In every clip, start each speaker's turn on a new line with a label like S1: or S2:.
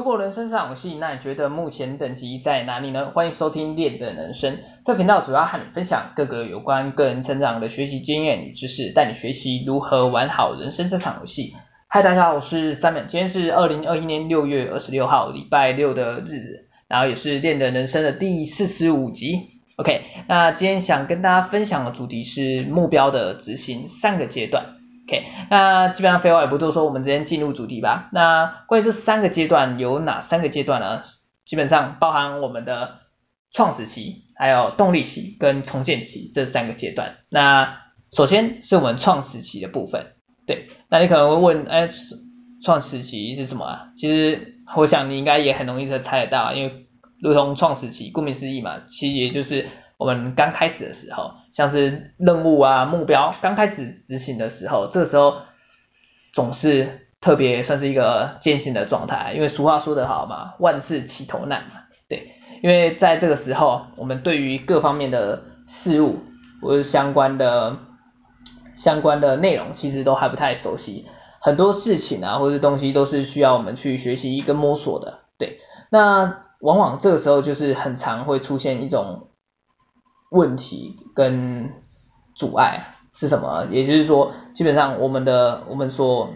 S1: 如果人生是場遊戲，那你覺得目前等級在哪裡呢？歡迎收聽《練的人生》，這個頻道主要和你分享各個有關個人成長的學習經驗與知識，帶你學習如何玩好人生這場遊戲。嗨，大家好，我是 Simon。今天是二零二一年六月二十六號，禮拜六的日子，然後也是《練的人生》的第四十五集。OK，那今天想跟大家分享的主題是目標的執行三個階段。OK，那基本上廢話也不多說，我們直接進入主題吧。那關於這三個階段有哪三個階段呢？基本上包含我們的創始期，還有動力期跟重建期這三個階段。那首先是我們創始期的部分，對。那你可能會問，哎，創始期是什麼啊？其實我想你應該也很容易就猜得到，因為如同創始期，顧名思義嘛，其實也就是。我們剛開始的時候，像是任務啊、目標，剛開始執行的時候，這個時候總是特別算是一個艱辛的狀態，因為俗話說得好嘛，“萬事起頭難”嘛，對。因為在這個時候，我們對於各方面的事物或者是相關的相關的內容，其實都還不太熟悉，很多事情啊或者東西都是需要我們去學習跟摸索的，對。那往往這個時候就是很常會出現一種。問題跟阻礙是什麼？也就是說，基本上我們的我們所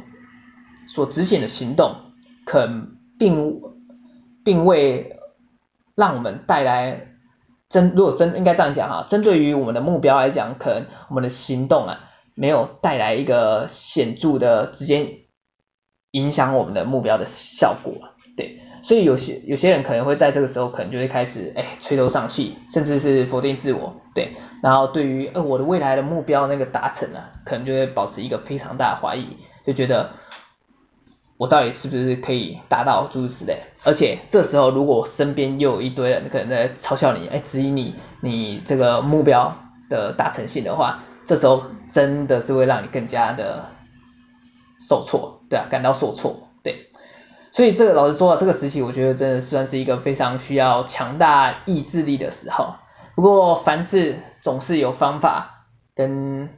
S1: 所執行的行動，可並並未讓我們帶來真，如果真應該這樣講哈、啊，針對於我們的目標來講，可能我們的行動啊，沒有帶來一個顯著的直接影響我們的目標的效果，對。所以有些有些人可能會在這個時候，可能就會開始哎、欸、垂頭喪氣，甚至是否定自我，對。然後對於呃我的未來的目標那個達成呢、啊，可能就會保持一個非常大的懷疑，就覺得我到底是不是可以達到諸如此類。而且這時候如果身邊又有一堆人可能在嘲笑你，哎、欸、質疑你你這個目標的達成性的話，這時候真的是會讓你更加的受挫，對啊，感到受挫。所以這個老實說了，這個時期我覺得真的算是一個非常需要強大意志力的時候。不過凡事總是有方法跟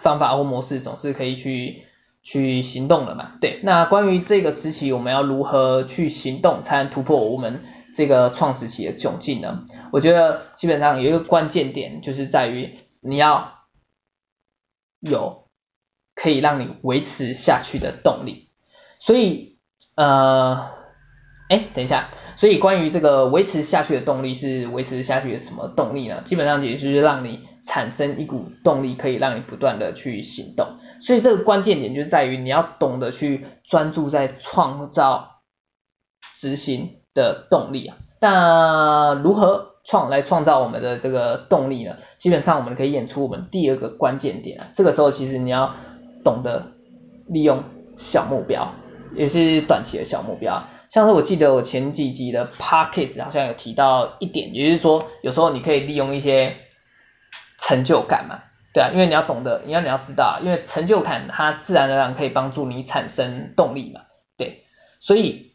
S1: 方法或模式，總是可以去去行動的嘛。對，那關於這個時期我們要如何去行動才能突破我們這個創始期的窘境呢？我覺得基本上有一個關鍵點就是在於你要有可以讓你維持下去的動力，所以。呃，哎，等一下，所以關於這個維持下去的動力是維持下去的什麼動力呢？基本上也就是讓你產生一股動力，可以讓你不斷的去行動。所以這個關鍵點就在於你要懂得去專注在創造執行的動力啊。那如何創，來創造我們的這個動力呢？基本上我們可以演出我們第二個關鍵點啊。這個時候其實你要懂得利用小目標。也是短期的小目標，像是我記得我前幾集的 Podcast 好像有提到一點，也就是說，有時候你可以利用一些成就感嘛，對啊，因為你要懂得，你要你要知道，因為成就感它自然而然可以幫助你產生動力嘛，對，所以，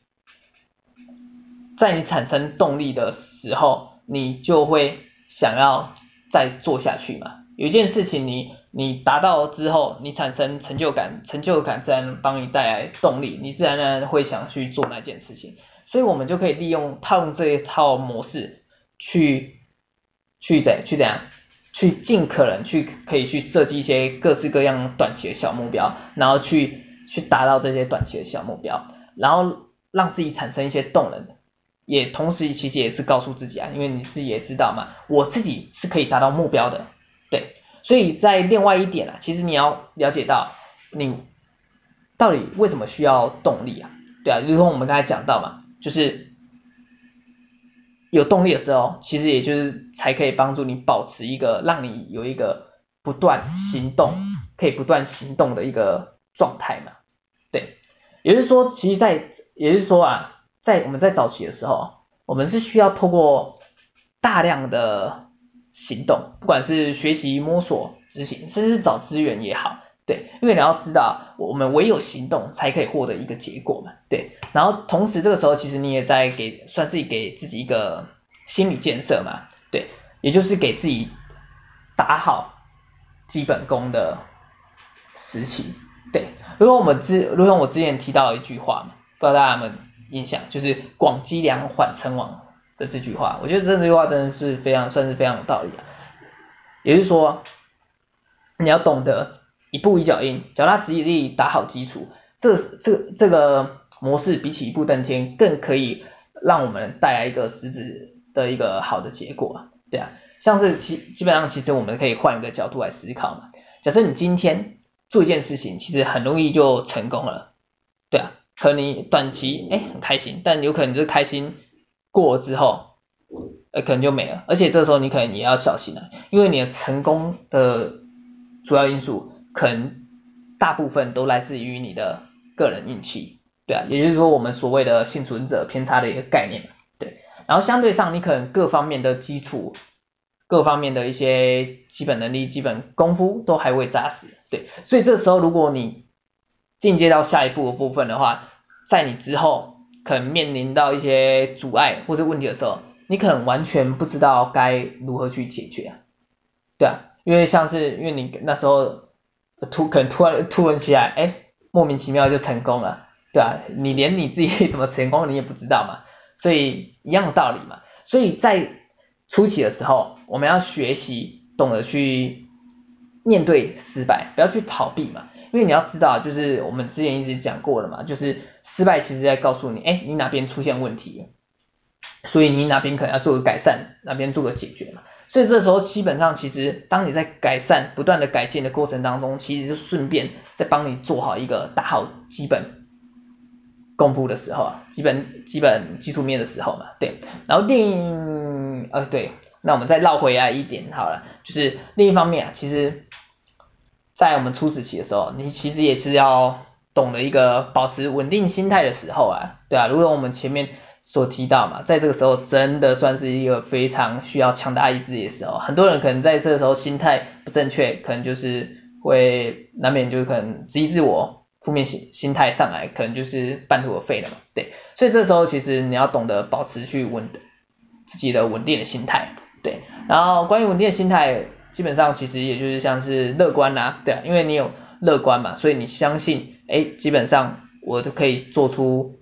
S1: 在你產生動力的時候，你就會想要再做下去嘛，有一件事情你。你達到之後，你產生成就感，成就感自然幫你帶來動力，你自然而然會想去做那件事情。所以，我們就可以利用套用這一套模式去，去去怎去怎樣，去盡可能去可以去設計一些各式各樣短期的小目標，然後去去達到這些短期的小目標，然後讓自己產生一些動能，也同時其實也是告訴自己啊，因為你自己也知道嘛，我自己是可以達到目標的，對。所以在另外一點啊，其實你要了解到，你到底為什麼需要動力啊？對啊，如同我們剛才講到嘛，就是有動力的時候，其實也就是才可以幫助你保持一個，讓你有一個不斷行動，可以不斷行動的一個狀態嘛。對，也就是說，其實在，在也就是說啊，在我們在早期的時候，我們是需要透過大量的。行動，不管是學習、摸索、執行，甚至是找資源也好，對，因為你要知道，我們唯有行動才可以獲得一個結果嘛，對。然後同時這個時候，其實你也在給，算是給自己一個心理建設嘛，對，也就是給自己打好基本功的時期。對，如果我們之，如同我之前提到一句話嘛，不知道大家有沒有印象，就是“廣積糧，緩稱王”。的這句話，我覺得這這句話真的是非常算是非常有道理啊。也就是說，你要懂得一步一腳印，腳踏實地打好基礎。這個、這個、這個模式比起一步登天，更可以讓我們帶來一個實質的一個好的結果，對啊，像是其基本上其實我們可以換一個角度來思考嘛。假設你今天做一件事情，其實很容易就成功了，對啊，可你短期哎、欸、很開心，但有可能就是開心。過了之後，呃，可能就沒了。而且這時候你可能也要小心了，因為你的成功的主要因素，可能大部分都來自於你的個人運氣，對啊，也就是說我們所謂的幸存者偏差的一個概念，對。然後相對上，你可能各方面的基礎，各方面的一些基本能力、基本功夫都還未扎實，對。所以這時候如果你進階到下一步的部分的話，在你之後。可能面臨到一些阻礙或者問題的時候，你可能完全不知道該如何去解決，對啊，因為像是因為你那時候突可能突然突然起來，哎，莫名其妙就成功了，對啊，你連你自己怎麼成功你也不知道嘛，所以一樣的道理嘛，所以在初期的時候，我們要學習懂得去面對失敗，不要去逃避嘛。因為你要知道，就是我們之前一直講過了嘛，就是失敗其實在告訴你，哎，你哪邊出現問題，所以你哪邊可能要做個改善，哪邊做個解決嘛。所以這時候基本上其實，當你在改善、不斷的改進的過程當中，其實就順便在幫你做好一個打好基本功夫的時候啊，基本基本技術面的時候嘛，對。然後定，呃、哦，對，那我們再繞回來一點好了，就是另一方面啊，其實。在我們初始期的時候，你其實也是要懂得一個保持穩定心態的時候啊，對啊，如果我們前面所提到嘛，在這個時候真的算是一個非常需要強大意志的時候，很多人可能在這個時候心態不正確，可能就是會難免就是可能質疑自我，負面心心態上來，可能就是半途而廢了嘛，對。所以這時候其實你要懂得保持去穩自己的穩定的心態，對。然後關於穩定的心態。基本上其實也就是像是樂觀啦、啊，對啊，因為你有樂觀嘛，所以你相信，哎，基本上我都可以做出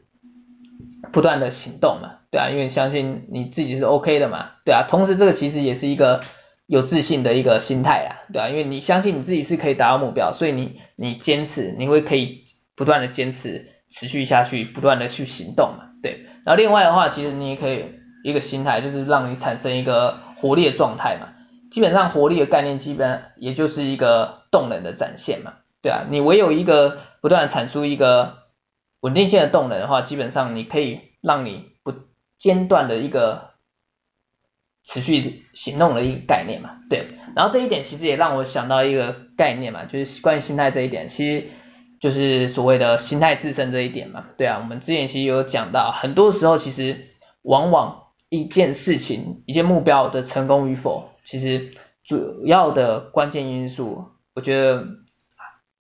S1: 不斷的行動嘛，對啊，因為相信你自己是 OK 的嘛，對啊，同時這個其實也是一個有自信的一個心態啦，對啊，因為你相信你自己是可以達到目標，所以你你堅持，你會可以不斷的堅持，持續下去，不斷的去行動嘛，對。然後另外的話，其實你也可以有一個心態，就是讓你產生一個活力的狀態嘛。基本上活力的概念，基本也就是一個動能的展現嘛，對啊，你唯有一個不斷產出一個穩定性的動能的話，基本上你可以讓你不間斷的一個持續行動的一個概念嘛，對。然後這一點其實也讓我想到一個概念嘛，就是關於心態這一點，其實就是所謂的心態自身這一點嘛，對啊，我們之前其實有講到，很多時候其實往往。一件事情、一件目標的成功與否，其實主要的關鍵因素，我覺得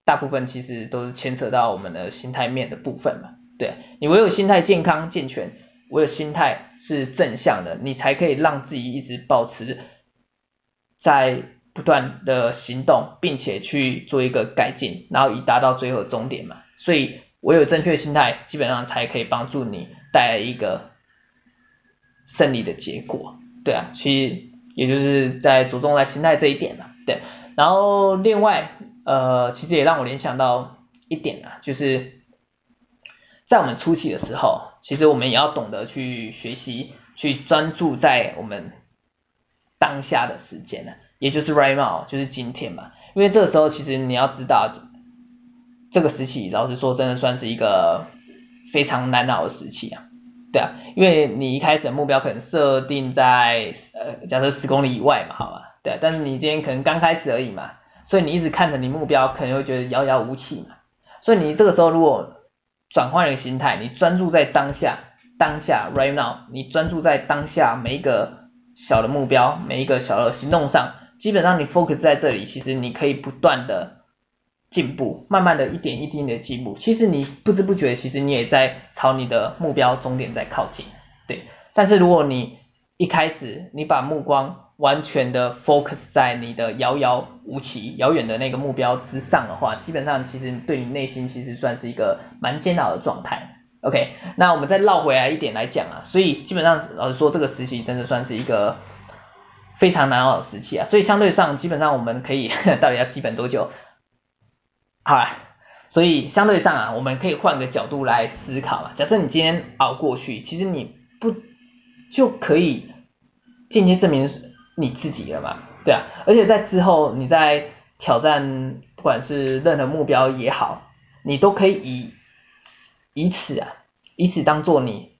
S1: 大部分其實都是牽扯到我們的心態面的部分嘛。對，你唯有心態健康健全，唯有心態是正向的，你才可以讓自己一直保持在不斷的行動，並且去做一個改進，然後以達到最後終點嘛。所以唯有正確的心態，基本上才可以幫助你帶來一個。勝利的結果，對啊，其實也就是在着重在心態這一點嘛，對。然後另外，呃，其實也讓我聯想到一點啊，就是在我們初期的時候，其實我們也要懂得去學習，去專注在我們當下的時間呢、啊，也就是 right now，就是今天嘛。因為這個時候，其實你要知道，這個時期老實說，真的算是一個非常難熬的時期啊。對啊，因為你一開始的目標可能設定在呃，假設十公里以外嘛，好吧？對啊，但是你今天可能剛開始而已嘛，所以你一直看着你目標，可能會覺得遙遙無期嘛。所以你這個時候如果轉換一個心態，你專注在當下，當下 right now，你專注在當下每一個小的目標，每一個小的行動上，基本上你 focus 在這裡，其實你可以不斷的。進步，慢慢的一點一滴的進步，其實你不知不覺，其實你也在朝你的目標終點在靠近，對。但是如果你一開始你把目光完全的 focus 在你的遙遙無期、遙遠的那個目標之上的話，基本上其實對你內心其實算是一個蠻煎熬的狀態。OK，那我們再繞回來一點來講啊，所以基本上老實說這個時期真的算是一個非常難熬的時期啊，所以相對上基本上我們可以到底要基本多久？好了，所以相對上啊，我們可以換個角度來思考嘛。假設你今天熬過去，其實你不就可以間接證明你自己了嘛？對啊，而且在之後，你在挑戰不管是任何目標也好，你都可以以以此啊，以此當做你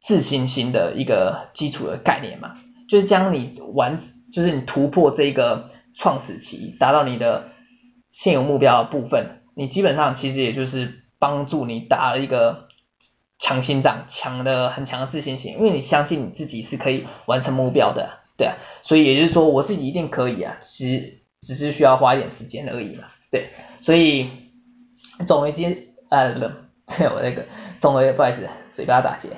S1: 自信心的一個基礎的概念嘛。就是將你完，就是你突破這個創始期，達到你的。現有目標的部分，你基本上其實也就是幫助你打了一個強心臟、強的很強的自信心，因為你相信你自己是可以完成目標的，對啊，所以也就是說我自己一定可以啊，只只是需要花一點時間而已嘛，對，所以總而言之，呃，對，我這我那個，總而言之，不好意思，嘴巴打結，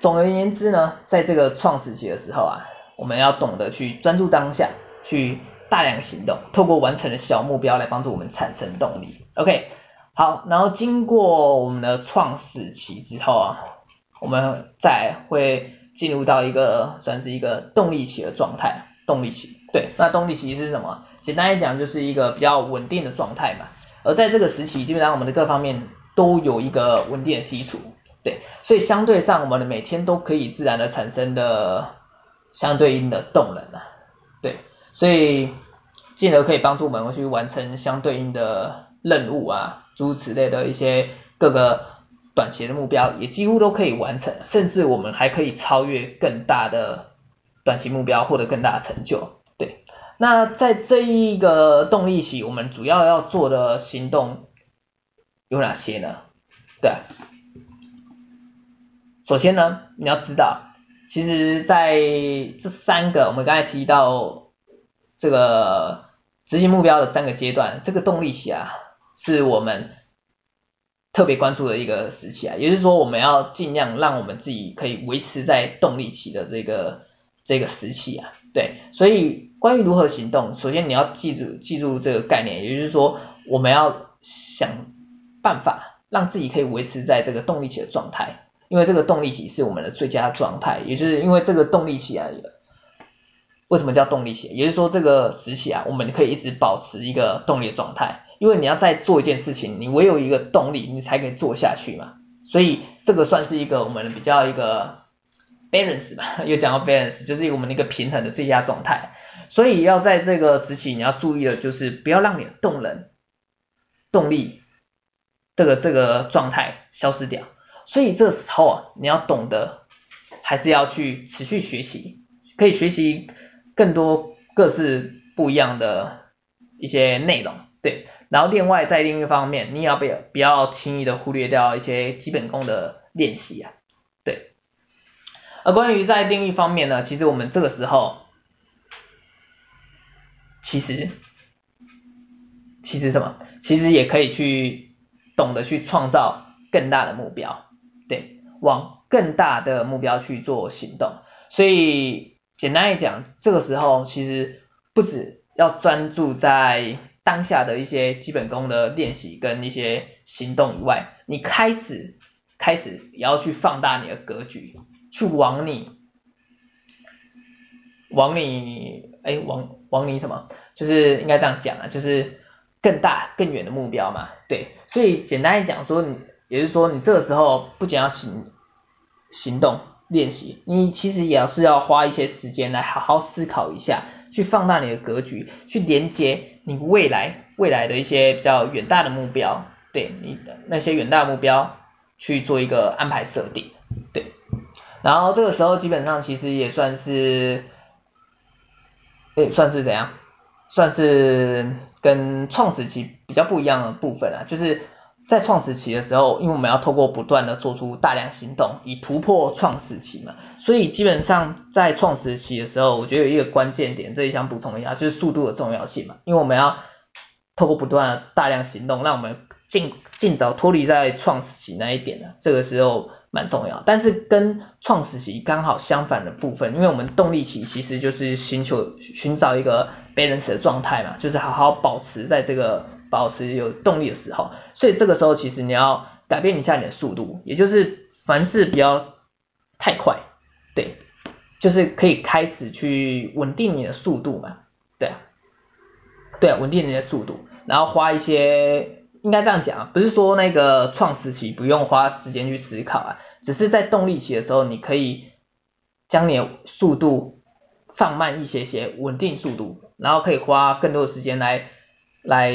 S1: 總而言之呢，在這個創始期的時候啊，我們要懂得去專注當下，去。大量行動，透過完成的小目標來幫助我們產生動力。OK，好，然後經過我們的創始期之後啊，我們再會進入到一個算是一個動力期的狀態。動力期，對，那動力期是什麼？簡單來講，就是一個比較穩定的狀態嘛。而在這個時期，基本上我們的各方面都有一個穩定的基礎，對，所以相對上，我們的每天都可以自然的產生的相對應的動能啊。所以，進而可以幫助我們去完成相對應的任務啊，諸如此類的一些各個短期的目標，也幾乎都可以完成，甚至我們還可以超越更大的短期目標，獲得更大的成就。對，那在這一個動力期，我們主要要做的行動有哪些呢？對，首先呢，你要知道，其實在這三個我們剛才提到。這個執行目標的三個階段，這個動力期啊，是我們特別關注的一個時期啊，也就是說，我們要盡量讓我們自己可以維持在動力期的這個這個時期啊，對，所以關於如何行動，首先你要記住記住這個概念，也就是說，我們要想辦法讓自己可以維持在這個動力期的狀態，因為這個動力期是我們的最佳狀態，也就是因為這個動力期啊。為什麼叫動力期？也就是說，這個時期啊，我們可以一直保持一個動力的狀態，因為你要再做一件事情，你唯有一個動力，你才可以做下去嘛。所以這個算是一個我們比較一個 balance 吧，又講到 balance 就是我們的一個平衡的最佳狀態。所以要在這個時期，你要注意的就是不要讓你的動能、動力這個這個狀態消失掉。所以這個時候啊，你要懂得還是要去持續學習，可以學習。更多各式不一樣的一些內容，對。然後另外在另一方面，你也要不要不要輕易的忽略掉一些基本功的練習啊，對。而關於在另一方面呢，其實我們這個時候，其實其實什麼？其實也可以去懂得去創造更大的目標，對，往更大的目標去做行動，所以。簡單來講，這個時候其實不止要專注在當下的一些基本功的練習跟一些行動以外，你開始開始也要去放大你的格局，去往你，往你，哎、欸，往往你什麼，就是應該這樣講啊，就是更大更遠的目標嘛，對，所以簡單來講說，也就是說你這個時候不僅要行行動。練習，你其實也是要花一些時間來好好思考一下，去放大你的格局，去連接你未來未來的一些比較遠大的目標，對你的那些遠大的目標去做一個安排設定，對。然後這個時候基本上其實也算是，誒、欸、算是怎樣？算是跟創始期比較不一樣的部分啊，就是。在創始期的時候，因為我們要透過不斷的做出大量行動，以突破創始期嘛，所以基本上在創始期的時候，我覺得有一個關鍵點，這裡想補充一下，就是速度的重要性嘛，因為我們要透過不斷的大量行動，讓我們儘儘早脫離在創始期那一點的，這個時候蠻重要。但是跟創始期剛好相反的部分，因為我們動力期其實就是尋求尋找一個 balance 的狀態嘛，就是好好保持在這個。保持有動力的時候，所以這個時候其實你要改變一下你的速度，也就是凡事不要太快，對，就是可以開始去穩定你的速度嘛，對、啊，對、啊，穩定你的速度，然後花一些，應該這樣講，不是說那個創始期不用花時間去思考啊，只是在動力期的時候，你可以將你的速度放慢一些些，穩定速度，然後可以花更多的時間來。來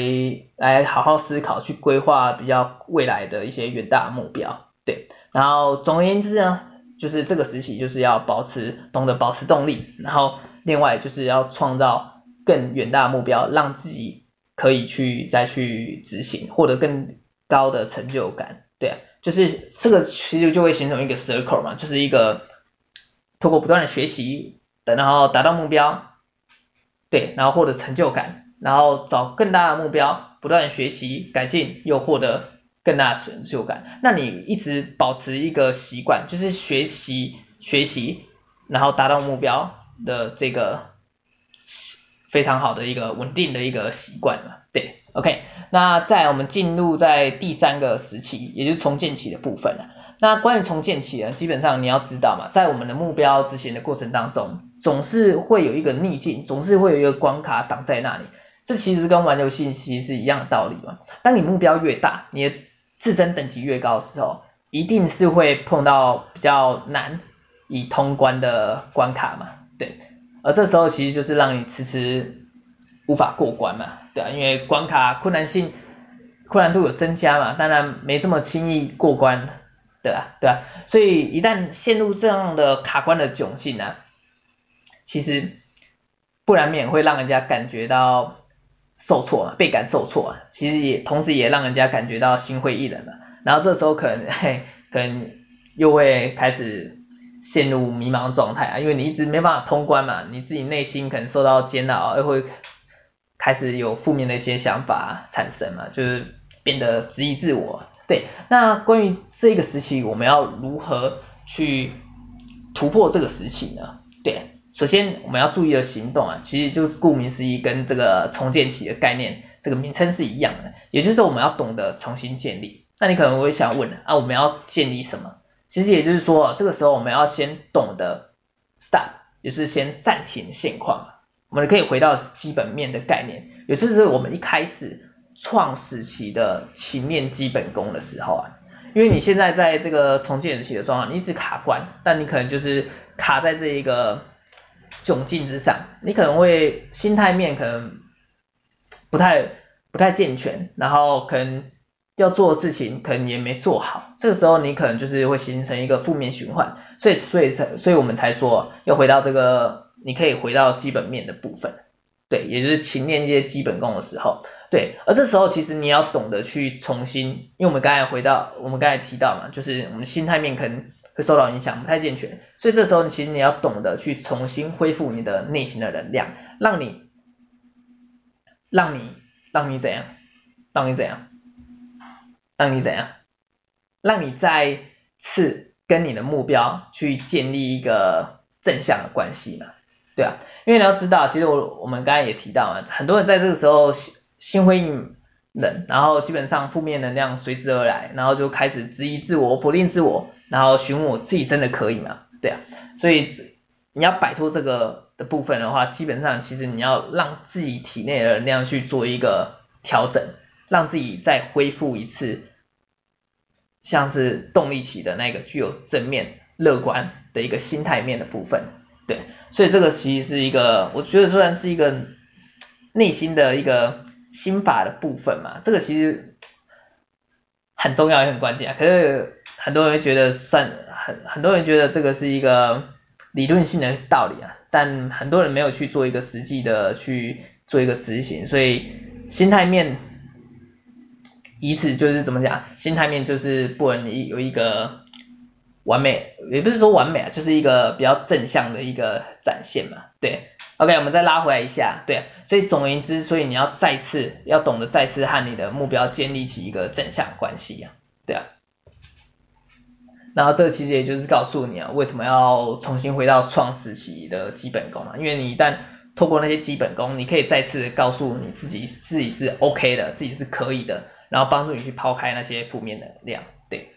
S1: 來好好思考，去規劃比較未來的一些遠大的目標，對。然後總而言之呢，就是這個時期就是要保持懂得，保持動力，然後另外就是要創造更遠大的目標，讓自己可以去再去執行，獲得更高的成就感，對啊。就是這個其實就會形成一個 circle 嘛，就是一個通過不斷的學習，然後達到目標，對，然後獲得成就感。然後找更大的目標，不斷學習改進，又獲得更大的成就感。那你一直保持一個習慣，就是學習學習，然後達到目標的這個非常好的一個穩定的一個習慣了。對，OK。那在我們進入在第三個時期，也就是重建期的部分了。那關於重建期呢，基本上你要知道嘛，在我們的目標執行的過程當中，總是會有一個逆境，總是會有一個關卡擋在那裡。這其實跟玩遊戲其實是一樣的道理嘛。當你目標越大，你的自身等級越高的時候，一定是會碰到比較難以通關的關卡嘛，對。而這時候其實就是讓你遲遲無法過關嘛，對啊，因為關卡困難性、困難度有增加嘛，當然沒這麼輕易過關，對啊，對啊。所以一旦陷入這樣的卡關的窘境呢、啊，其實不難免會讓人家感覺到。受挫啊，倍感受挫啊，其實也同時也讓人家感覺到心灰意冷了。然後這時候可能嘿，可能又會開始陷入迷茫狀態啊，因為你一直沒辦法通關嘛，你自己內心可能受到煎熬，又會開始有負面的一些想法產生嘛，就是變得質疑自我。對，那關於這個時期我們要如何去突破這個時期呢？對。首先，我們要注意的行動啊，其實就是顧名思義，跟這個重建期的概念，這個名稱是一樣的。也就是說，我們要懂得重新建立。那你可能會想問啊，我們要建立什麼？其實也就是說，這個時候我們要先懂得 stop，就是先暫停現況。我們可以回到基本面的概念，也就是我們一開始創始期的勤練基本功的時候啊。因為你現在在這個重建時期的狀況，你一直卡關，但你可能就是卡在這一個。窘境之上，你可能會心態面可能不太不太健全，然後可能要做的事情可能也沒做好，這個時候你可能就是會形成一個負面循環，所以所以所以所以我們才說要回到這個，你可以回到基本面的部分，對，也就是勤練這些基本功的時候，對，而這時候其實你要懂得去重新，因為我們剛才回到，我們剛才提到嘛，就是我們心態面可能會受到影響，不太健全，所以這時候你其實你要懂得去重新恢復你的內心的能量，讓你，讓你，讓你怎樣，讓你怎樣，讓你怎樣，讓你再次跟你的目標去建立一個正向的關係嘛，對啊，因為你要知道，其實我我們剛才也提到啊，很多人在這個時候心心灰意冷，然後基本上負面能量隨之而來，然後就開始質疑自我，否定自我。然後詢問我自己真的可以嗎？對啊，所以你要擺脫這個的部分的話，基本上其實你要讓自己體內的能量去做一個調整，讓自己再恢復一次，像是動力期的那個具有正面樂觀的一個心態面的部分。對，所以這個其實是一個，我覺得雖然是一個內心的一個心法的部分嘛，這個其實很重要也很關鍵啊，可是。很多人覺得算很很多人覺得這個是一個理論性的道理啊，但很多人沒有去做一個實際的去做一個執行，所以心態面以此就是怎麼講，心態面就是不能有一個完美，也不是說完美啊，就是一個比較正向的一個展現嘛。對，OK，我們再拉回來一下，對啊，所以總而言之，所以你要再次要懂得再次和你的目標建立起一個正向關係啊，對啊。然後這其實也就是告訴你啊，為什麼要重新回到創始期的基本功啊？因為你一旦透過那些基本功，你可以再次告訴你自己，自己是 OK 的，自己是可以的，然後幫助你去拋開那些負面能量。對，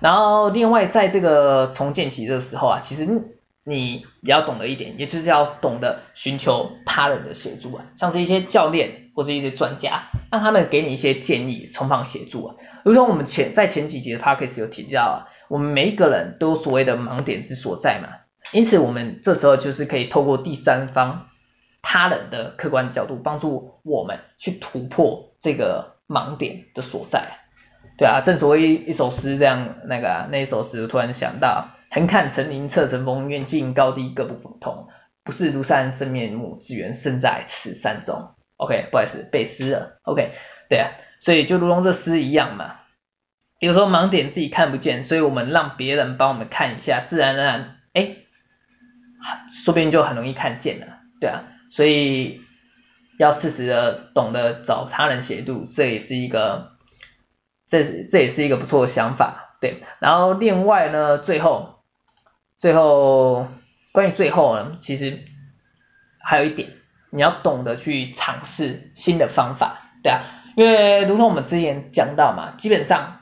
S1: 然後另外在這個重建期的時候啊，其實。你比較懂得一點，也就是要懂得尋求他人的協助啊，像是一些教練或者一些專家，讓他們給你一些建議，從旁協助啊。如同我們前在前幾集的 podcast 有提到啊，我們每一個人都有所謂的盲點之所在嘛，因此我們這時候就是可以透過第三方、他人的客觀角度，幫助我們去突破這個盲點的所在。對啊，正所謂一，一首詩這樣那個啊，那一首詩，我突然想到。橫看成嶺側成峰，遠近高低各不同。不識廬山真面目，只緣身在此山中。OK，不好意思，背詩了。OK，對啊，所以就如同這詩一樣嘛，有時候盲點自己看不見，所以我們讓別人幫我們看一下，自然而然，哎、欸，說不定就很容易看見了。對啊，所以要適時的懂得找他人協助，這也是一個，這是這也是一個不錯的想法。對，然後另外呢，最後。最後，關於最後呢，其實還有一點，你要懂得去嘗試新的方法，對啊，因為如同我們之前講到嘛，基本上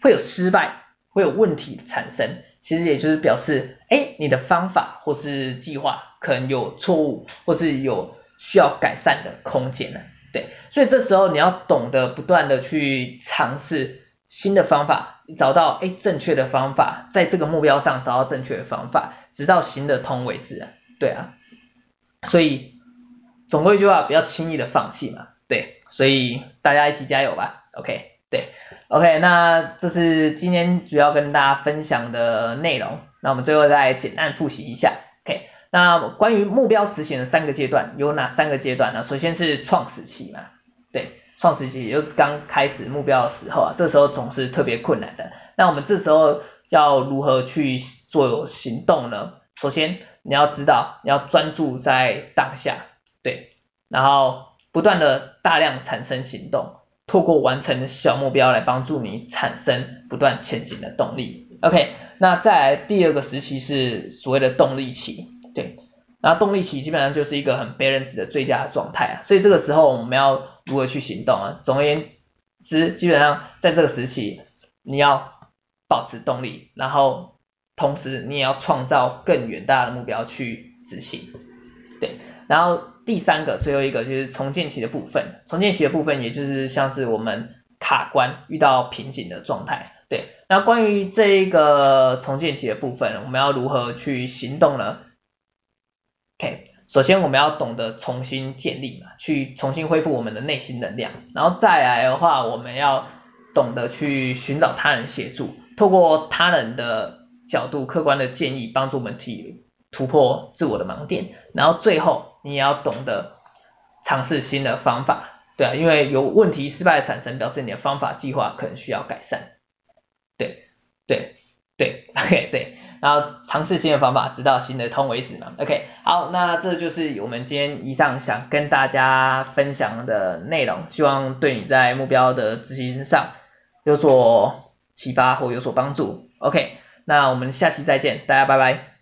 S1: 會有失敗，會有問題的產生，其實也就是表示，哎，你的方法或是計劃可能有錯誤，或是有需要改善的空間呢，對，所以這時候你要懂得不斷的去嘗試新的方法。找到誒正確的方法，在這個目標上找到正確的方法，直到行得通為止啊，對啊，所以總歸一句話，不要輕易的放棄嘛，對，所以大家一起加油吧，OK，對，OK，那這是今天主要跟大家分享的內容，那我們最後再簡單複習一下，OK，那關於目標執行的三個階段有哪三個階段呢？首先是創始期嘛，對。創始期也就是剛開始目標的時候啊，這時候總是特別困難的。那我們這時候要如何去做行動呢？首先你要知道，你要專注在當下，對，然後不斷的大量產生行動，透過完成小目標來幫助你產生不斷前進的動力。OK，那再來第二個時期是所謂的動力期，對，然後動力期基本上就是一個很 balanced 的最佳狀態啊，所以這個時候我們要。如何去行動啊？總而言之，基本上在這個時期，你要保持動力，然後同時你也要創造更遠大的目標去執行。對，然後第三個、最後一個就是重建期的部分。重建期的部分，也就是像是我們卡關、遇到瓶頸的狀態。對，那關於這一個重建期的部分，我們要如何去行動呢？首先，我們要懂得重新建立嘛，去重新恢復我們的內心能量，然後再來的話，我們要懂得去尋找他人協助，透過他人的角度、客觀的建議，幫助我們提突破自我的盲點。然後最後，你也要懂得嘗試新的方法，對啊，因為有問題、失敗產生，表示你的方法、計劃可能需要改善。對，對，對，嘿， 對。然後嘗試新的方法，直到行得通為止嘛。OK，好，那這就是我們今天以上想跟大家分享的內容，希望對你在目標的執行上有所啟發或有所幫助。OK，那我們下期再見，大家拜拜。